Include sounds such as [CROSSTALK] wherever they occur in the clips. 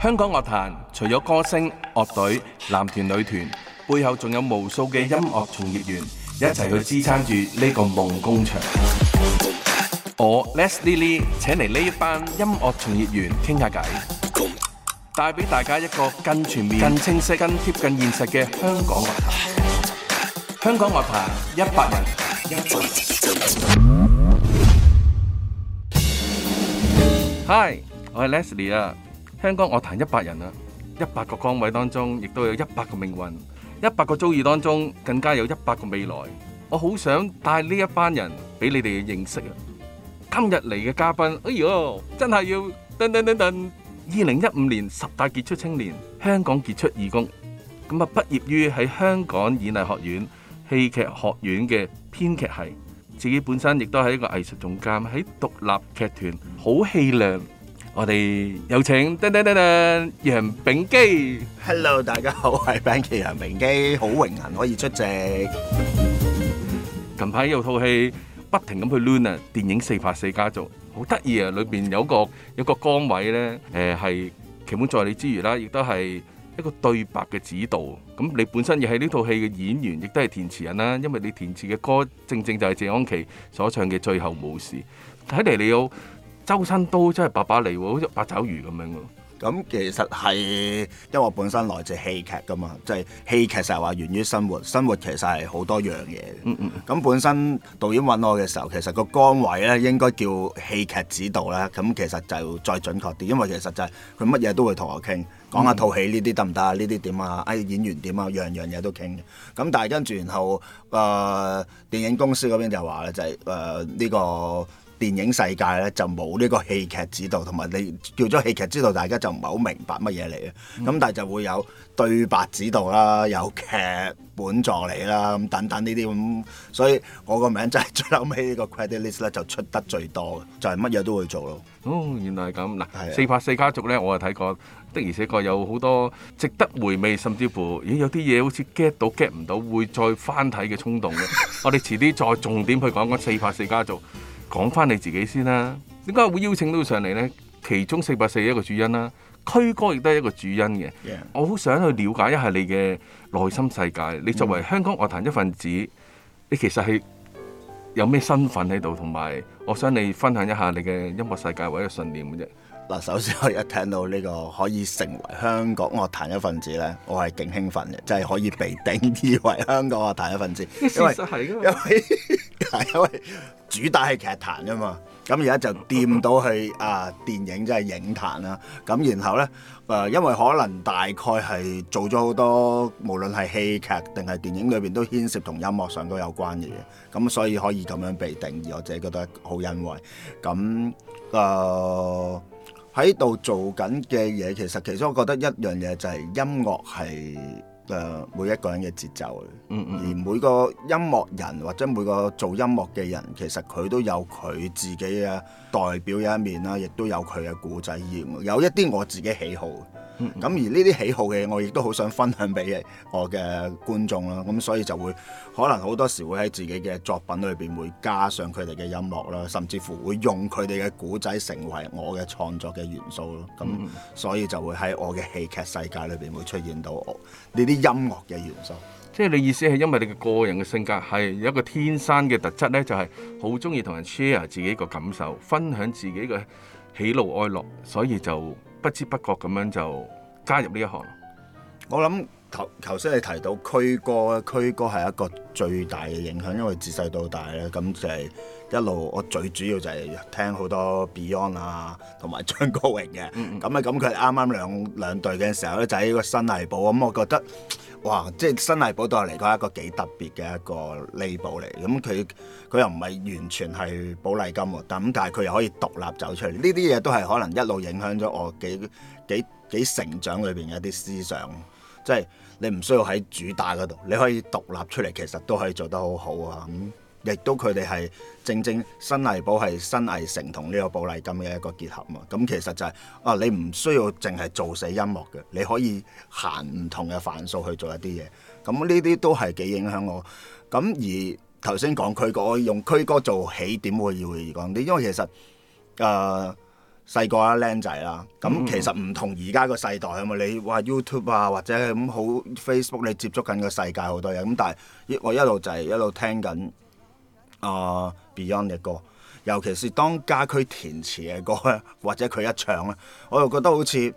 香港樂壇除咗歌星、樂隊、男團、女團，背後仲有無數嘅音樂從業員一齊去支撐住呢個夢工場。我 Leslie 請嚟呢一班音樂從業員傾下偈，帶俾大家一個更全面、更清晰、更貼近現實嘅香港樂壇。香港樂壇一百人。人 Hi，我係 Leslie 啊。香港樂壇一百人啊，一百個崗位當中，亦都有一百個命運，一百個遭遇當中，更加有一百個未來。我好想帶呢一班人俾你哋認識啊！今日嚟嘅嘉賓，哎喲，真係要噔噔噔噔！二零一五年十大傑出青年，香港傑出義工，咁啊，畢業於喺香港演藝學院戲劇學院嘅編劇系，自己本身亦都係一個藝術總監，喺獨立劇團好戲量。我哋有請叮叮叮叮楊秉基，Hello，大家好，係編劇楊秉基，好榮幸可以出席。近排有套戲不停咁去 luna，電影《四拍四家族》，好得意啊！裏邊有個有個崗位咧，誒，係劇本助理之餘啦，亦都係一個對白嘅指導。咁你本身亦係呢套戲嘅演員，亦都係填詞人啦，因為你填詞嘅歌正正就係謝安琪所唱嘅《最後武士》。睇嚟你要。周身都真係八八嚟喎，好似八爪魚咁樣咯。咁其實係因為我本身來自戲劇噶嘛，即、就、係、係、戲劇實係話源於生活，生活其實係好多樣嘢，嗯。嗯咁本身導演揾我嘅時候，其實個崗位咧應該叫戲劇指導啦。咁其實就再準確啲，因為其實就係佢乜嘢都會同我傾，講下套戲呢啲得唔得啊？呢啲點啊？哎，演員點啊？樣樣嘢都傾。咁但係跟住然後，誒、呃、電影公司嗰邊就話咧，就係誒呢個。電影世界咧就冇呢個戲劇指導，同埋你叫咗戲劇指導，大家就唔係好明白乜嘢嚟嘅。咁、嗯、但係就會有對白指導啦，有劇本助理啦，咁等等呢啲咁。所以我個名真係最後尾呢個 credit list 咧就出得最多，就係乜嘢都會做咯。哦，原來係咁嗱，四拍四家族咧，我係睇過的，而且確有好多值得回味，甚至乎咦有啲嘢好似 get 到 get 唔到，會再翻睇嘅衝動嘅。 [LAUGHS] 我哋遲啲再重點去講講四拍四家族。講翻你自己先啦，點解會邀請到上嚟呢？其中四拍四一個主因啦，駒歌亦都係一個主因嘅。Yeah. 我好想去了解一下你嘅內心世界。你作為香港樂壇一份子，你其實係有咩身份喺度，同埋我想你分享一下你嘅音樂世界或者信念嘅啫。嗱，首先我一聽到呢個可以成為香港樂壇一份子咧，我係勁興奮嘅，即係可以被定義為香港樂壇一份子，因為因為 [LAUGHS] 因為主打係劇壇吖嘛，咁而家就掂到去啊電影即係影壇啦，咁然後咧誒、呃，因為可能大概係做咗好多，無論係戲劇定係電影裏邊都牽涉同音樂上都有關嘅嘢，咁所以可以咁樣被定義，我自己覺得好欣慰。咁誒。呃喺度做緊嘅嘢，其實其實我覺得一樣嘢就係音樂係誒每一個人嘅節奏，嗯嗯，而每個音樂人或者每個做音樂嘅人，其實佢都有佢自己嘅、啊。代表一有，有一面啦，亦都有佢嘅古仔意，有一啲我自己喜好。咁、嗯嗯、而呢啲喜好嘅嘢，我亦都好想分享俾我嘅觀眾啦。咁所以就會可能好多時會喺自己嘅作品裏邊會加上佢哋嘅音樂啦，甚至乎會用佢哋嘅古仔成為我嘅創作嘅元素咯。咁所以就會喺我嘅戲劇世界裏邊會出現到呢啲音樂嘅元素。即係你意思係因為你嘅個人嘅性格係有一個天生嘅特質呢，就係好中意同人 share 自己個感受，分享自己嘅喜怒哀樂，所以就不知不覺咁樣就加入呢一行。我諗。頭頭先你提到駒歌咧，駒歌係一個最大嘅影響，因為自細到大咧咁就係一路我最主要就係聽好多 Beyond 啊，同埋張國榮嘅咁啊。咁佢啱啱兩兩隊嘅時候咧，就喺呢個新藝寶咁，嗯、我覺得哇，即係新藝寶對我嚟講係一個幾特別嘅一個 label 嚟。咁佢佢又唔係完全係寶麗金喎，但咁，但係佢又可以獨立走出嚟。呢啲嘢都係可能一路影響咗我幾幾幾成長裏邊嘅一啲思想。即係你唔需要喺主打嗰度，你可以獨立出嚟，其實都可以做得好好啊！咁、嗯、亦、嗯、都佢哋係正正新藝寶係新藝城同呢個寶麗金嘅一個結合嘛。咁、嗯、其實就係、是、啊，你唔需要淨係做死音樂嘅，你可以行唔同嘅範疇去做一啲嘢。咁呢啲都係幾影響我。咁、嗯、而頭先講佢個用區歌做起點，會會講啲，因為其實啊。呃細個啦，僆仔啦，咁其實唔同而家個世代啊嘛，你話 YouTube 啊，或者係咁好 Facebook，你接觸緊個世界好多嘢，咁但係我一路就係一路聽緊、呃、Beyond 嘅歌，尤其是當家駒填詞嘅歌咧，或者佢一唱咧，我就覺得好似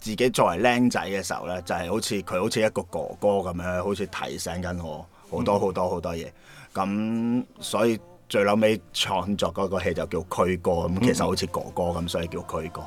自己作為僆仔嘅時候咧，就係、是、好似佢好似一個哥哥咁樣，好似提醒緊我好多好多好多嘢，咁所以。最後尾創作嗰個戲就叫做《駒歌》咁，其實好似哥哥咁，所以叫做《駒歌》。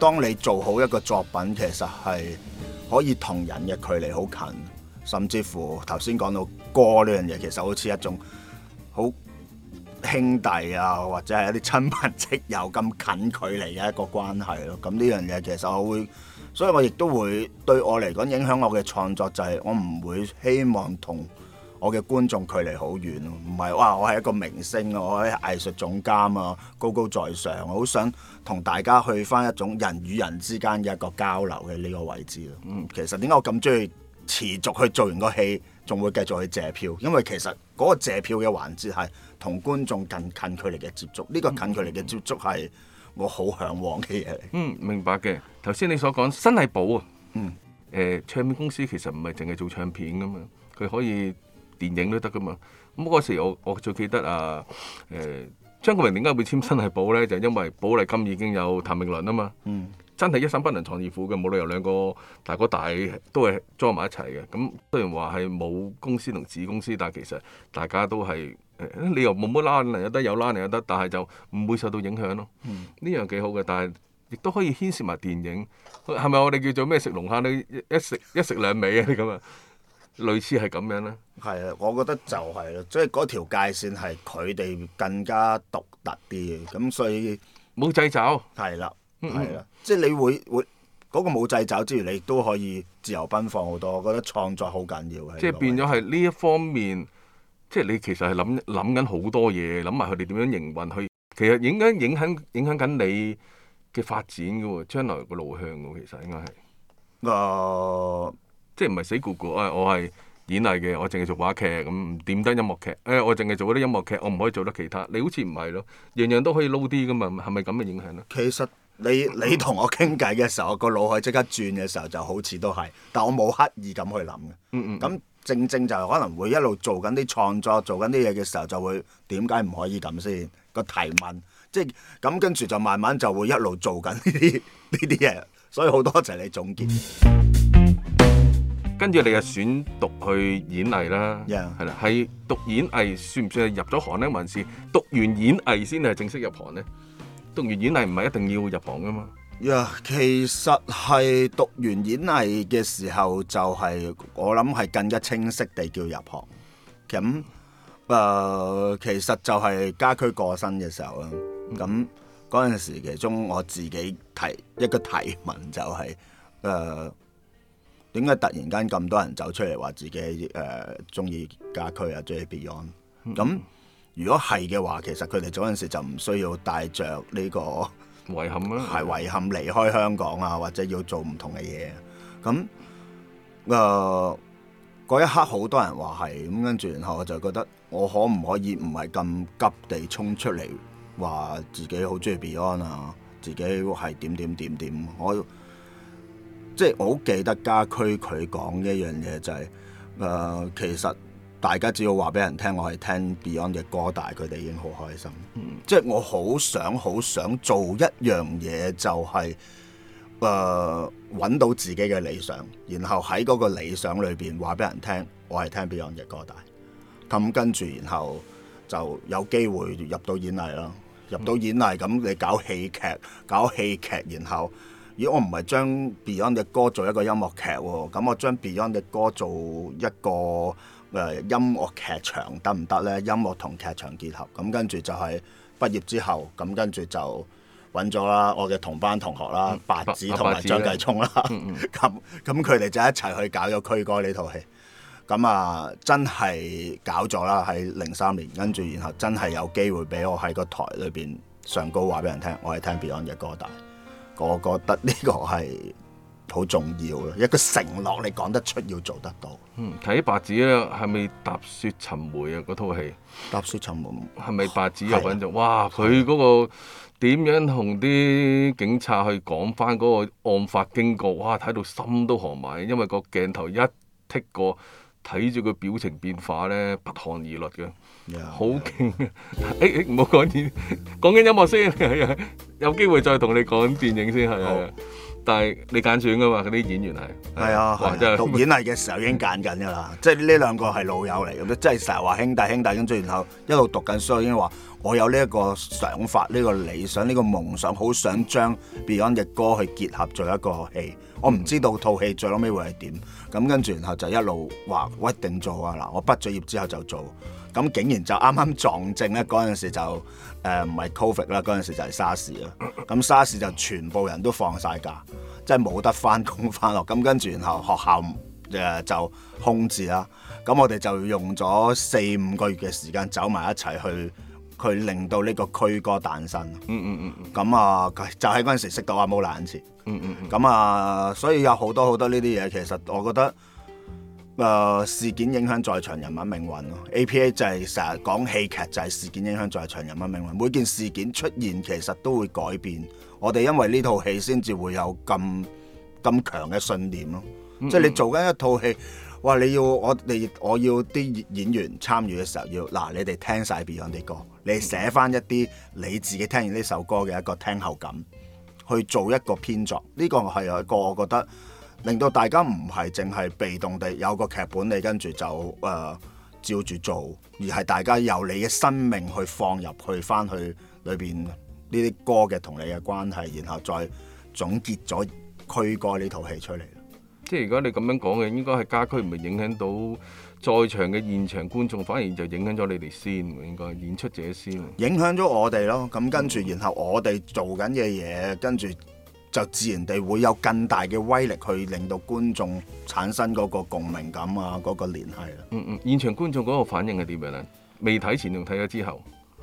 當你做好一個作品，其實係可以同人嘅距離好近，甚至乎頭先講到歌呢樣嘢，其實好似一種好兄弟啊，或者係一啲親朋戚友咁近距離嘅一個關係咯。咁呢樣嘢其實我會，所以我亦都會對我嚟講影響我嘅創作，就係我唔會希望同我嘅觀眾距離好遠，唔係哇！我係一個明星啊，我係藝術總監啊，高高在上，我好想同大家去翻一種人與人之間嘅一個交流嘅呢個位置咯。嗯，其實點解我咁中意持續去做完個戲，仲會繼續去借票？因為其實嗰個借票嘅環節係同觀眾近近距離嘅接觸，呢、這個近距離嘅接觸係我好向往嚮往嘅嘢嚟。嗯，明白嘅。頭先你所講新藝寶啊。嗯。誒、呃，唱片公司其實唔係淨係做唱片噶嘛，佢、嗯、可以。電影都得㗎嘛？咁嗰時我我最記得啊，誒、呃、張國榮點解會簽新藝寶咧？就係、因為寶麗金已經有譚詠麟啊嘛，嗯、真係一山不能藏二虎嘅，冇理由兩個大哥大都係裝埋一齊嘅。咁雖然話係冇公司同子公司，但係其實大家都係誒、呃，你又冇乜拉人又得有拉人又得，但係就唔會受到影響咯。呢、嗯、樣幾好嘅，但係亦都可以牽涉埋電影，係咪我哋叫做咩食龍蝦？你一食一食兩味啊啲咁啊！類似係咁樣咧，係啊！我覺得就係、係、啦，即係嗰條界線係佢哋更加獨特啲嘅，咁所以冇掣肘，係啦，係啦、嗯嗯，即係你會會嗰、嗰個冇掣肘之餘，你亦都可以自由奔放好多。我覺得創作好緊要嘅。即係變咗係呢一方面，即係你其實係諗諗緊好多嘢，諗埋佢哋點樣營運去，其實影響影響影響緊你嘅發展嘅喎，將來個路向喎，其實應該係啊。呃即係唔係死咕咕？誒、哎，我係演藝嘅，我淨係做話劇咁，點得音樂劇？誒、哎，我淨係做嗰啲音樂劇，我唔可以做得其他。你好似唔係咯，樣樣都可以撈啲㗎嘛，係咪咁嘅影響咧？其實你你同我傾偈嘅時候，個腦海即刻轉嘅時候就好似都係，但我冇刻意咁去諗嘅。咁、嗯、正正就可能會一路做緊啲創作，做緊啲嘢嘅時候，就會點解唔可以咁先？個提問，即係咁跟住就慢慢就會一路做緊呢啲呢啲嘢，所以好多謝你總結。 [NOISE] 跟住你又選讀去演藝啦，係啦，係讀演藝算唔算係入咗行呢？還是讀完演藝先係正式入行呢？讀完演藝唔係一定要入行噶嘛？呀，其實係讀完演藝嘅時候就係我諗係更加清晰地叫入行。咁誒，其實就係家駒過身嘅時候啦。咁嗰陣時，其中我自己提一個提問就係誒。點解突然間咁多人走出嚟話自己誒中意家駒啊，中意 Beyond？咁、嗯、如果係嘅話，其實佢哋嗰陣時就唔需要帶着呢個遺憾啦，係遺憾離開香港啊，或者要做唔同嘅嘢。咁啊嗰一刻好多人話係，咁跟住，然後我就覺得我可唔可以唔係咁急地衝出嚟話自己好中意 Beyond 啊？自己係點點點點我。即係我好記得家駒佢講一樣嘢就係、是，誒、呃、其實大家只要話俾人我聽我係聽 Beyond 嘅歌大，佢哋已經好開心。嗯、即係我好想好想做一樣嘢就係、是，誒、呃、揾到自己嘅理想，然後喺嗰個理想裏邊話俾人我聽我係聽 Beyond 嘅歌大。咁跟住然後就有機會入到演藝啦，入到演藝咁、嗯、你搞戲劇，搞戲劇然後。咦我唔係將 Beyond 嘅歌做一個音樂劇喎、啊，咁我將 Beyond 嘅歌做一個誒、呃、音樂劇場得唔得呢？音樂同劇場結合，咁跟住就係畢業之後，咁跟住就揾咗啦，我嘅同班同學啦、嗯，白子同埋張繼聰啦，咁咁佢哋就一齊去搞咗《駒歌》呢套戲，咁、嗯、啊真係搞咗啦，喺零三年，跟住然後真係有機會俾我喺個台裏邊上高話俾人聽，我係聽 Beyond 嘅歌大。我覺得呢個係好重要嘅一個承諾，你講得出，要做得到。嗯，睇白子咧係咪《踏雪尋梅》啊？嗰套戲《踏雪尋梅》係咪白子有緊做？哇！佢嗰、嗰個點樣同啲警察去講翻嗰個案發經過？哇！睇到心都寒埋，因為個鏡頭一剔過，睇住佢表情變化呢，不寒而栗嘅。Yeah, 好勁啊！誒、欸、誒，唔好講演，講緊音樂先。有機會再同你講電影先係。Oh. 但係你揀選噶嘛？嗰啲演員係係啊，讀演藝嘅時候已經揀緊㗎啦。即係呢兩個係老友嚟咁，即係成日話兄弟兄弟跟住然，然後一路讀緊，所以已經話我有呢一個想法、呢、呢個理想、呢、呢個夢想，好想將 Beyond 嘅歌去結合做一個戲。Mm hmm. 我唔知道套戲最後尾會係點咁，跟住然後就一路話我一定做啊！嗱，我畢咗業之後就做。咁竟然就啱啱撞正咧，嗰陣時就誒唔係 Covid 啦，嗰、呃、陣時就係 SARS 啦。咁 SARS 就全部人都放晒假，即係冇得返工返學。咁跟住然後學校誒、呃、就空置啦。咁我哋就用咗四五個月嘅時間走埋一齊去，去，去令到呢個駒歌誕生。嗯嗯嗯咁啊，就喺嗰陣時識到阿、啊、冇冷切、嗯。嗯嗯咁啊，所以有好多好多呢啲嘢，其實我覺得。個、呃、事件影響在場人物命運咯，A P A 就係成日講戲劇就係、係、事件影響在場人物命運。每件事件出現其實都會改變我哋，因為呢套戲先至會有咁咁強嘅信念咯。Mm hmm. 即係你做緊一套戲，話你要我哋我要啲演員參與嘅時候要，要嗱你哋聽晒，Beyond 啲歌，你寫翻一啲你自己聽完呢首歌嘅一個聽後感去做一個編作，呢、呢個係一個我覺得。令到大家唔係淨係被動地有個劇本你跟住就誒、呃、照住做，而係大家由你嘅生命去放入去翻去裏邊呢啲歌嘅同你嘅關係，然後再總結咗駒歌呢套戲出嚟。即係如果你咁樣講嘅，應該係家駒唔係影響到在場嘅現場觀眾，反而就影響咗你哋先，應該演出者先。影響咗我哋咯，咁跟住然後我哋做緊嘅嘢，跟住。就自然地會有更大嘅威力去令到觀眾產生嗰個共鳴感啊，嗰、嗰個聯繫啦、啊。嗯嗯，現場觀眾嗰個反應係點樣咧？未睇前仲睇咗之後，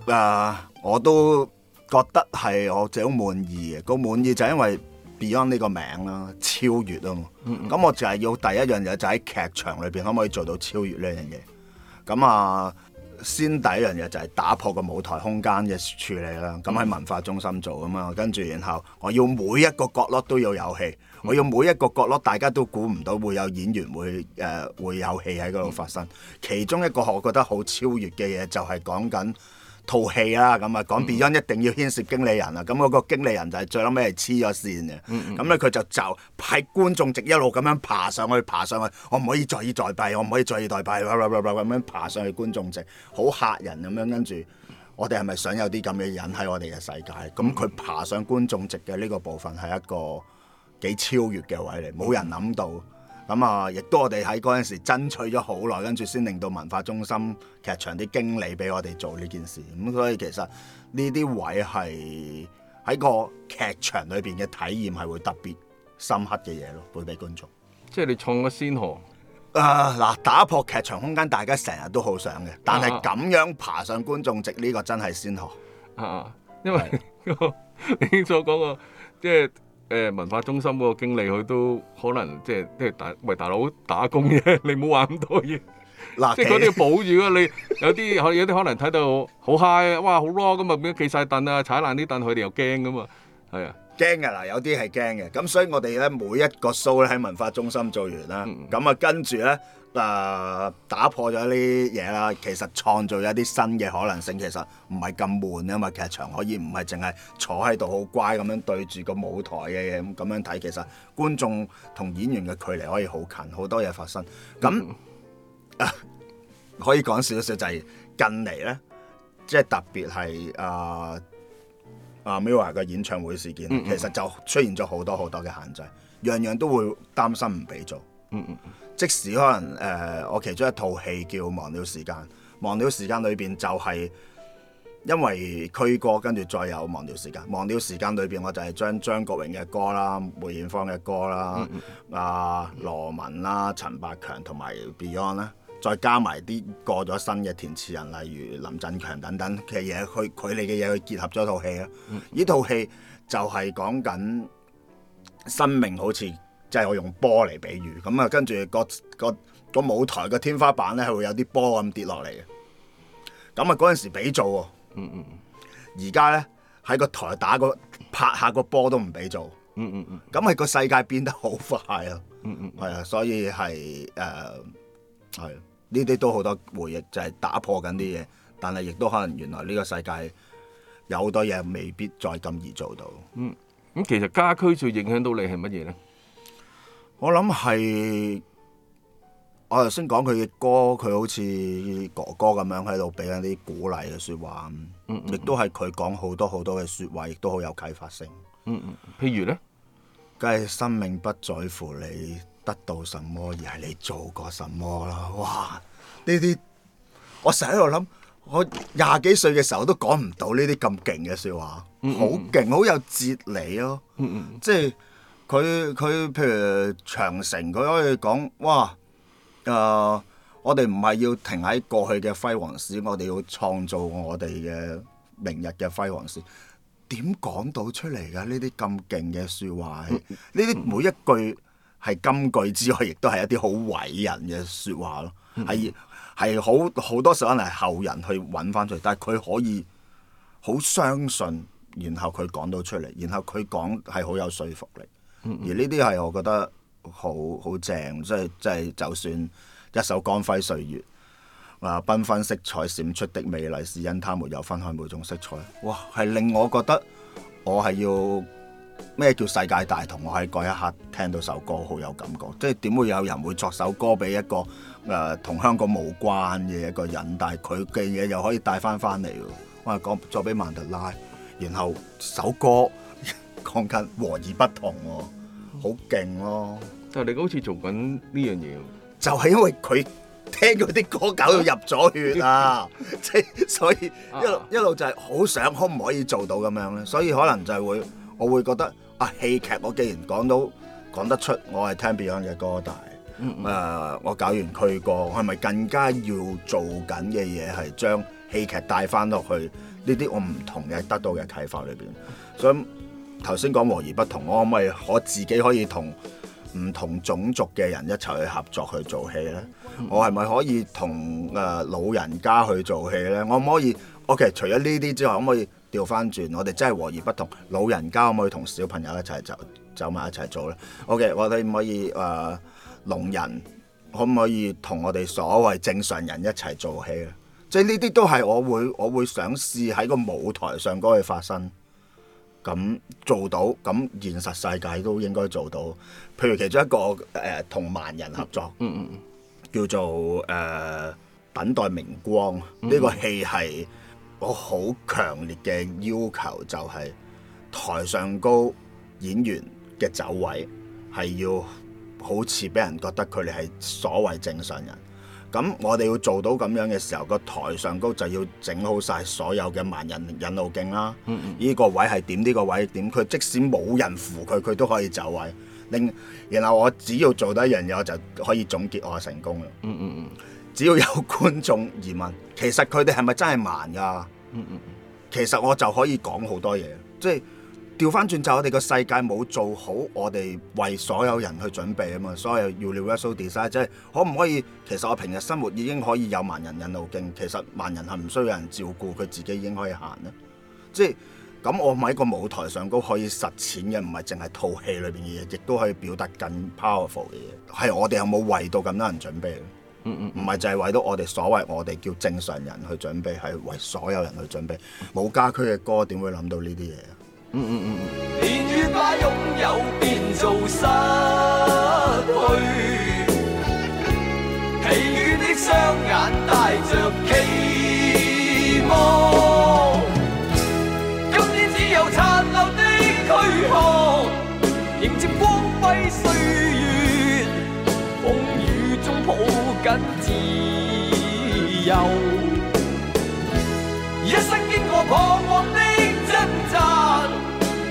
啊、呃，我都覺得係我就好滿意嘅。個滿意就係因為 Beyond 呢個名啦、啊，超越啊嘛。咁、嗯嗯、我就係要第一樣嘢就喺、是、劇場裏邊可唔可以做到超越呢樣嘢。咁、嗯、啊。嗯先第一樣嘢就係打破個舞台空間嘅處理啦，咁喺文化中心做啊嘛，跟住然後我要每一個角落都要有戲，我要每一個角落大家都估唔到會有演員會誒、呃、會有戲喺嗰度發生，其中一個我覺得好超越嘅嘢就係講緊。套戲啦，咁啊講 Beyond 一定要牽涉經理人啦，咁嗰、mm hmm. 個經理人就係最尾係黐咗線嘅，咁咧佢就就派觀眾席一路咁樣爬上去，爬上去，我唔可以坐以待斃，我唔可以坐以待斃，咁樣爬上去觀眾席，好嚇人咁樣跟住，我哋係咪想有啲咁嘅人喺我哋嘅世界？咁佢、mm hmm. 爬上觀眾席嘅呢個部分係一個幾超越嘅位嚟，冇人諗到。咁啊，亦、嗯、都我哋喺嗰陣時爭取咗好耐，跟住先令到文化中心劇場啲經理俾我哋做呢件事。咁、嗯、所以其實呢啲位係喺個劇場裏邊嘅體驗，係會特別深刻嘅嘢咯，會俾觀眾，即係你創個先河啊！嗱，打破劇場空間，大家成日都好想嘅，但係咁樣爬上觀眾席呢、呢個真係先河啊！因為對 [LAUGHS] 你所講、嗰個即係。誒文化中心嗰個經理，佢都可能即係即係大喂大佬打工啫，你冇話咁多嘢，立體 [LAUGHS] 即係嗰啲要保住啊。你有啲有啲可能睇到好嗨啊，哇好咯咁啊，變咗企晒凳啊，踩爛啲凳，佢哋又驚噶嘛，係啊。驚嘅啦，有啲係驚嘅。咁所以我哋咧每一個 show 咧喺文化中心做完啦，咁啊、嗯、跟住咧啊打破咗呢啲嘢啦，其實創造咗一啲新嘅可能性，其實唔係咁悶啊嘛。劇場可以唔係淨係坐喺度好乖咁樣對住個舞台嘅嘢咁咁樣睇，其實觀眾同演員嘅距離可以好近，好多嘢發生。咁、嗯、啊可以講少少就係、是、近嚟咧，即係特別係啊。呃阿 MIRROR 嘅演唱會事件，嗯嗯，其實就出現咗好多好多嘅限制，樣樣都會擔心唔俾做。嗯嗯，即使可能誒、呃，我其中一套戲叫《忘掉時間》，忘掉時間裏邊就係因為去過，跟住再有忘掉時間。忘掉時間裏邊我就係將張國榮嘅歌啦、梅豔芳嘅歌啦、阿、嗯嗯啊、羅文啦、陳百強同埋 Beyond 啦。再加埋啲過咗身嘅填詞人，例如林振強等等嘅嘢，去佢哋嘅嘢去結合咗套戲啊！呢套、嗯、戲就係講緊生命好，好似即係我用波嚟比喻咁啊。跟住、個個個舞台個天花板咧，係會有啲波咁跌落嚟嘅。咁啊、哦，嗰陣時俾做喎，而家咧喺個台打個拍下個波都唔俾做，嗯嗯，咁係個世界變得好快啊，嗯啊，所以係誒。呃係，呢啲都好多回憶，就係，是，打破緊啲嘢，但係亦都可能原來呢個世界有好多嘢未必再咁易做到。嗯，咁，嗯，其實家駒最影響到你係乜嘢呢？我諗係，我頭先講佢嘅歌，佢好似哥哥咁樣喺度俾緊啲鼓勵嘅説話，亦都係佢講好多好多嘅説話，亦都好有啟發性。嗯嗯、譬如呢，梗係生命不在乎你。得到什麼，而係你做過什麼啦！哇，呢啲我成日喺度諗，我廿幾歲嘅時候都講唔到呢啲咁勁嘅説話，好勁、嗯嗯，好有哲理咯、哦！嗯嗯，即係佢佢譬如長城，佢可以講：哇！誒、呃，我哋唔係要停喺過去嘅輝煌史，我哋要創造我哋嘅明日嘅輝煌史。點講到出嚟㗎？呢啲咁勁嘅説話，呢啲、嗯嗯、每一句。係金句之外，亦都係一啲好偉人嘅説話咯。係係好好多時可能係後人去揾翻出嚟，但係佢可以好相信，然後佢講到出嚟，然後佢講係好有說服力。嗯、而呢啲係我覺得好好正，即係即係就算一首《光輝歲月》，啊，繽紛色彩閃出的美麗，是因它沒有分開每種色彩。哇，係令我覺得我係要。咩叫世界大同？我喺嗰一刻聽到首歌好有感覺，即係點會有人會作首歌俾一個誒同、呃、香港無關嘅一個人，但係佢嘅嘢又可以帶翻翻嚟喎。我係講作俾曼德拉，然後首歌講緊和而不同，好勁咯！但係你好似做緊呢樣嘢，就係因為佢聽嗰啲歌搞到入咗血啊，即係 [LAUGHS] [LAUGHS] 所以一一路就係好想可唔可以做到咁樣咧，所以可能就係會。我會覺得啊，戲劇我既然講到講得出，我係聽 Beyond 嘅歌，但係、mm hmm. 呃、我搞完佢歌，我係咪更加要做緊嘅嘢係將戲劇帶翻落去？呢啲我唔同嘅得到嘅啟發裏邊，所以頭先講和而不同，我可唔可以我自己可以同唔同種族嘅人一齊去合作去做戲咧？Mm hmm. 我係咪可以同誒、呃、老人家去做戲咧？我可唔可以？OK，除咗呢啲之外，可唔可以？調翻轉，我哋真係和而不同。老人家可唔可以同小朋友一齊走走埋一齊做咧？OK，我哋唔可以誒、呃，聾人可唔可以同我哋所謂正常人一齊做戲咧？即係呢啲都係我會我會想試喺個舞台上嗰去發生，咁做到咁現實世界都應該做到。譬如其中一個誒，同、呃、盲人合作，嗯嗯，嗯嗯叫做誒、呃、等待明光呢、嗯、個戲係。我好強烈嘅要求就係台上高演員嘅走位係要好似俾人覺得佢哋係所謂正常人。咁我哋要做到咁樣嘅時候，個台上高就要整好晒所有嘅盲人引路徑啦。呢、嗯嗯、個位係點？呢、呢個位點？佢即使冇人扶佢，佢都可以走位。令然後我只要做到一樣嘢，我就可以總結我成功啦。嗯嗯嗯。只要有觀眾疑問，其實佢哋係咪真係盲噶？嗯嗯、其實我就可以講好多嘢。即係調翻轉就我哋個世界冇做好，我哋為所有人去準備啊嘛。所謂 Universal Design 即係可唔可以？其實我平日生活已經可以有盲人引路徑。其實盲人係唔需要有人照顧，佢自己已經可以行呢。即係咁，我喺個舞台上都可以實踐嘅，唔係淨係套戲裏邊嘅嘢，亦都可以表達更 powerful 嘅嘢。係我哋有冇為到咁多人準備？唔唔，唔 [NOISE] 係就係為到我哋所謂我哋叫正常人去準備，係為所有人去準備。冇家駒嘅歌點會諗到呢啲嘢啊？嗯嗯嗯嗯。年月把擁有變做失去，疲倦的雙眼帶着自由，一生經過彷徨的掙扎，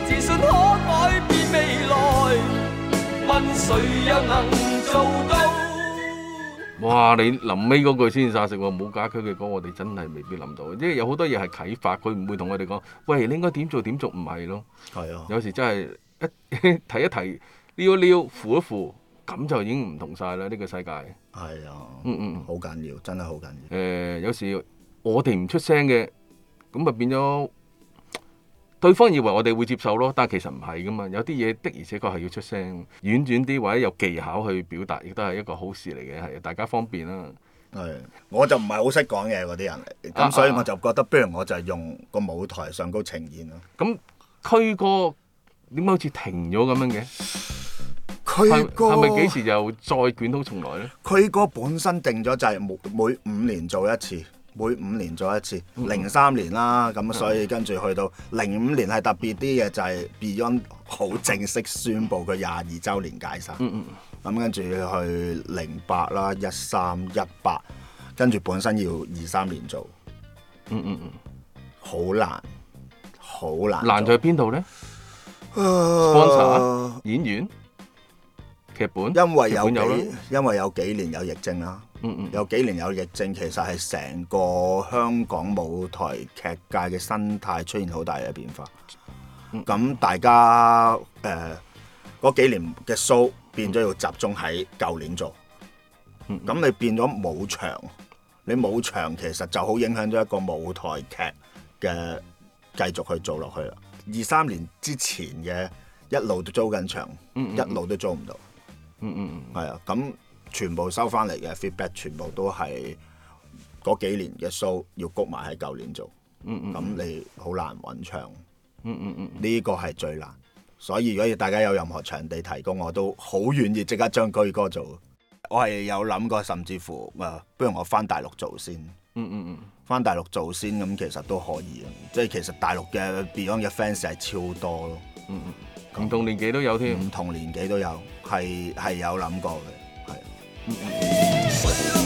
自信可改變未來。問誰又能做到？哇！你臨尾嗰句先殺食喎，冇假駒嘅歌，我哋真係未必諗到，因為有好多嘢係啟發佢，唔會同我哋講。喂，你應該點做點做，唔係咯。係啊，有時真係一提 [LAUGHS] 一提撩一撩扶一扶，咁就已經唔同晒啦。呢、呢個世界。係啊，嗯嗯好緊要，真係好緊要。誒、欸，有時我哋唔出聲嘅，咁咪變咗對方以為我哋會接受咯，但係其實唔係噶嘛。有啲嘢，的而且確係要出聲，婉轉啲或者有技巧去表達，亦都係一個好事嚟嘅，係大家方便啦。係，我就唔係好識講嘢嗰啲人嚟，咁所以我就覺得，不、啊啊啊、如我就係用個舞台上高呈現咯。咁區哥，點解、那個、好似停咗咁樣嘅？ [LAUGHS] 佢係咪幾時又再捲土重來咧？佢個本身定咗就係每每五年做一次，每五年做一次零三、嗯、年啦，咁、嗯、所以跟住去到零五年係特別啲嘅，就係、是、Beyond 好正式宣布佢廿二周年解散。嗯嗯，咁、嗯、跟住去零八啦，一三一八，跟住本身要二三年做。嗯嗯嗯，好、嗯、難，好難，難在邊度咧？觀、呃、察，演員。劇本因為有幾有，因為有幾年有疫症啦，嗯嗯，有幾年有疫症，其實係成個香港舞台劇界嘅生態出現好大嘅變化。咁、嗯、大家誒嗰、呃、幾年嘅 show 變咗要集中喺舊年做，嗯，咁你變咗冇場，你冇場其實就好影響咗一個舞台劇嘅繼續去做落去啦。二三年之前嘅一路都租緊場，一路都租唔到。嗯嗯嗯嗯嗯嗯，係啊，咁全部收翻嚟嘅 feedback，全部都係嗰幾年嘅 show 要谷埋喺舊年做，嗯嗯，咁你好難穩場。嗯嗯嗯，呢個係最難，所以如果要大家有任何場地提供，我都好願意即刻將駒歌做。我係有諗過，甚至乎啊，不如我翻大陸做先，嗯嗯嗯，翻大陸做先，咁其實都可以嘅，即係其實大陸嘅 Beyond 嘅 fans 係超多咯，嗯嗯。唔同年紀都有添，唔同年紀都有，係係 [MUSIC] 有諗過嘅，係。 [MUSIC]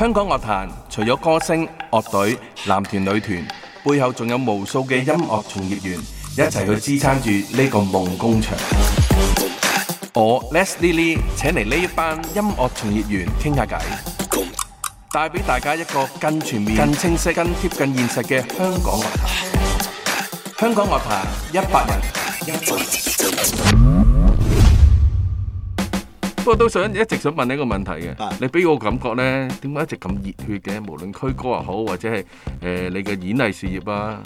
香港樂壇除咗歌星、樂隊、男團、女團，背後仲有無數嘅音樂從業員一齊去支撐住呢個夢工場。我 Leslie Lee 請嚟呢一班音樂從業員傾下偈，帶俾大家一個更全面、更清晰、更貼近現實嘅香港樂壇。香港樂壇一百人。不過都想一直想問你一個問題嘅，你俾我感覺咧，點解一直咁熱血嘅？無論駒歌又好，或者係誒你嘅演藝事業啊，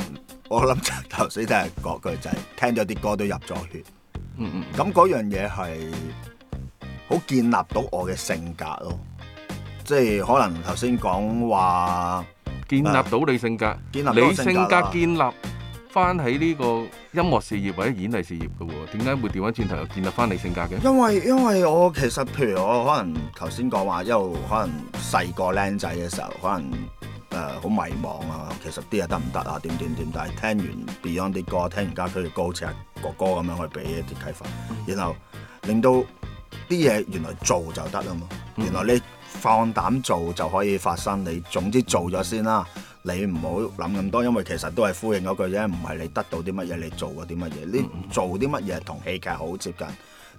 我諗頭先都係講句仔，聽咗啲歌都入咗血。嗯嗯，咁嗰樣嘢係好建立到我嘅性格咯，即係可能頭先講話建立到你性格，建立你性格建立。翻喺呢個音樂事業或者演藝事業嘅喎，點解會調翻轉頭又建立翻你性格嘅？因為因為我其實譬如我可能頭先講話，因為可能細個僆仔嘅時候，可能誒好、呃、迷茫啊，其實啲嘢得唔得啊？點點點，但係聽完 Beyond 啲歌，聽完家駒嘅歌，好似哥哥咁樣去俾一啲啟發，然後令到啲嘢原來做就得啊嘛，原來你放膽做就可以發生你，總之做咗先啦。你唔好諗咁多，因為其實都係呼應嗰句啫，唔係你得到啲乜嘢，你做過啲乜嘢。你做啲乜嘢同戲劇好接近，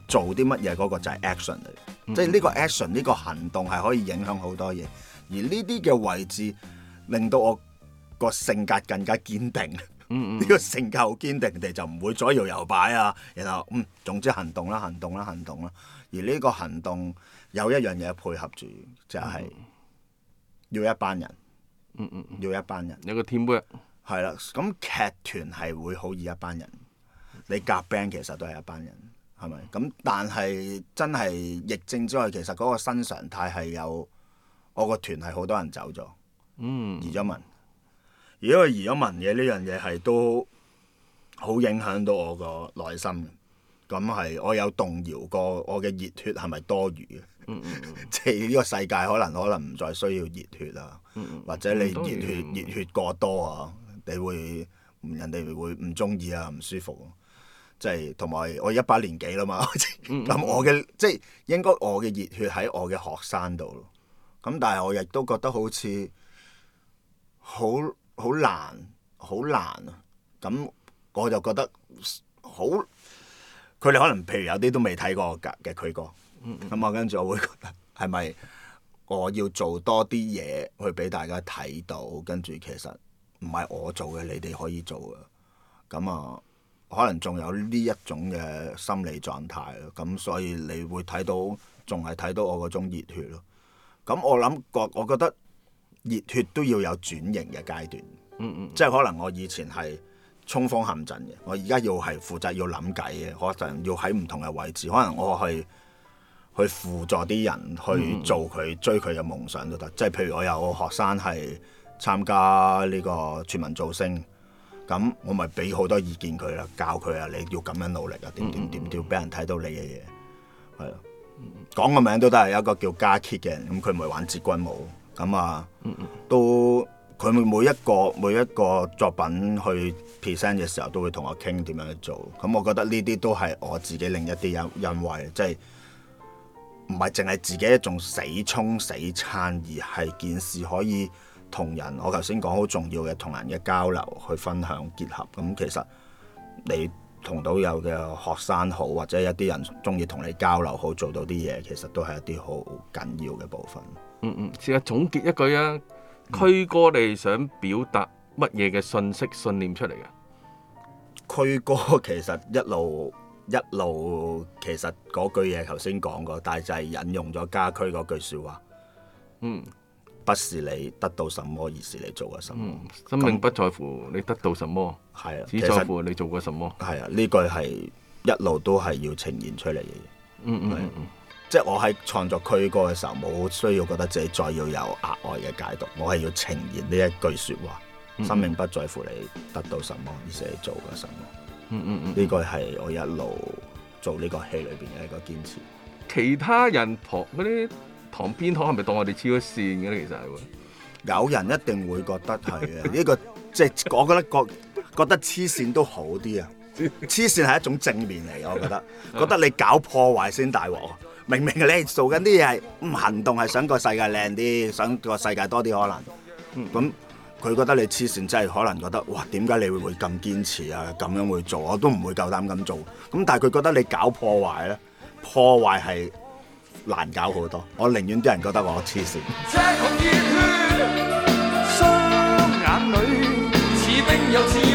做啲乜嘢嗰個就係 action 嚟，嗯嗯即係呢個 action 呢個行動係可以影響好多嘢。而呢啲嘅位置令到我個性格更加堅定，呢、嗯嗯、 [LAUGHS] 個性格好堅定，你就唔會左搖右擺啊。然後嗯，總之行動啦，行動啦，行動啦。而呢個行動有一樣嘢配合住，就係、是、要一班人。嗯嗯要一班人，有個 teamwork，係啦。咁、那個、劇團係會好易一班人，你夾 band 其實都係一班人，係咪？咁但係真係疫症之外，其實嗰個新常態係有，我個團係好多人走咗，嗯，移咗民。如果佢移咗民嘅呢樣嘢係都好影響到我個內心，咁係我有動搖過我嘅熱血係咪多餘嘅。即係呢個世界可能可能唔再需要熱血啊，嗯、或者你熱血、嗯、熱血過多啊，你會、嗯、人哋會唔中意啊，唔舒服。即係同埋我一把年紀啦嘛，咁 [LAUGHS] 我嘅即係應該我嘅熱血喺我嘅學生度咯。咁但係我亦都覺得好似好好難，好難啊！咁我就覺得好，佢哋可能譬如有啲都未睇過嘅嘅佢歌。咁我、嗯嗯、跟住我會覺得係咪我要做多啲嘢去俾大家睇到？跟住其實唔係我做嘅，你哋可以做嘅。咁、嗯、啊、嗯嗯，可能仲有呢一種嘅心理狀態咯。咁所以你會睇到，仲係睇到我嗰種熱血咯。咁、嗯嗯嗯嗯、我諗覺，我覺得熱血都要有轉型嘅階段。嗯嗯即係可能我以前係衝鋒陷陣嘅，我而家要係負責要諗計嘅，可能要喺唔同嘅位置，可能我係。去輔助啲人去做佢、嗯嗯、追佢嘅夢想都得，即係譬如我有個學生係參加呢個全民造星，咁我咪俾好多意見佢啦，教佢啊，你要咁樣努力啊，點點點要俾人睇到你嘅嘢，係咯、嗯，講個名都得，係一個叫加 key 嘅人，咁佢唔係玩節棍舞，咁、嗯嗯嗯、啊，都佢每一個每一個作品去 present 嘅時候，都會同我傾點樣去做，咁、嗯、我覺得呢啲都係我自己另一啲人認為，即係。唔係淨係自己一種死衝死撐，而係件事可以同人，我頭先講好重要嘅同人嘅交流去分享結合。咁其實你同到有嘅學生好，或者一啲人中意同你交流好，做到啲嘢，其實都係一啲好緊要嘅部分。嗯嗯，試下總結一句啊，區哥你想表達乜嘢嘅信息信念出嚟嘅？區哥其實一路。一路其實嗰句嘢，頭先講過，但係就係引用咗家駒嗰句說話。嗯，不是你得到什麼，而是你做過什麼。嗯，生命不在乎你得到什麼，係樣啊，只在乎你做過什麼。係啊，呢句係一路都係要呈現出嚟嘅嘢。嗯、啊、嗯即係我喺創作駒歌嘅時候，冇需要覺得自己再要有額外嘅解讀，我係要呈現呢一句說話，嗯嗯、生命不在乎你得到什麼，而是你做過什麼。嗯嗯嗯嗯嗯，呢、嗯、個係我一路做呢個戲裏邊嘅一個堅持。其他人學啲旁邊學係咪當我哋黐咗線嘅？其實係會有人一定會覺得係嘅、 [LAUGHS] 這個，呢個即係我覺得覺覺得黐線都好啲啊！黐線係一種正面嚟， [LAUGHS] 我覺得，覺得你搞破壞先大鑊。明明你做緊啲嘢，唔行動係想個世界靚啲，想個世界多啲可能，咁、嗯。佢覺得你黐線，真係可能覺得，哇點解你會會咁堅持啊？咁樣會做，我都唔會夠膽咁做。咁但係佢覺得你搞破壞咧，破壞係難搞好多。我寧願啲人覺得我黐線。 [MUSIC]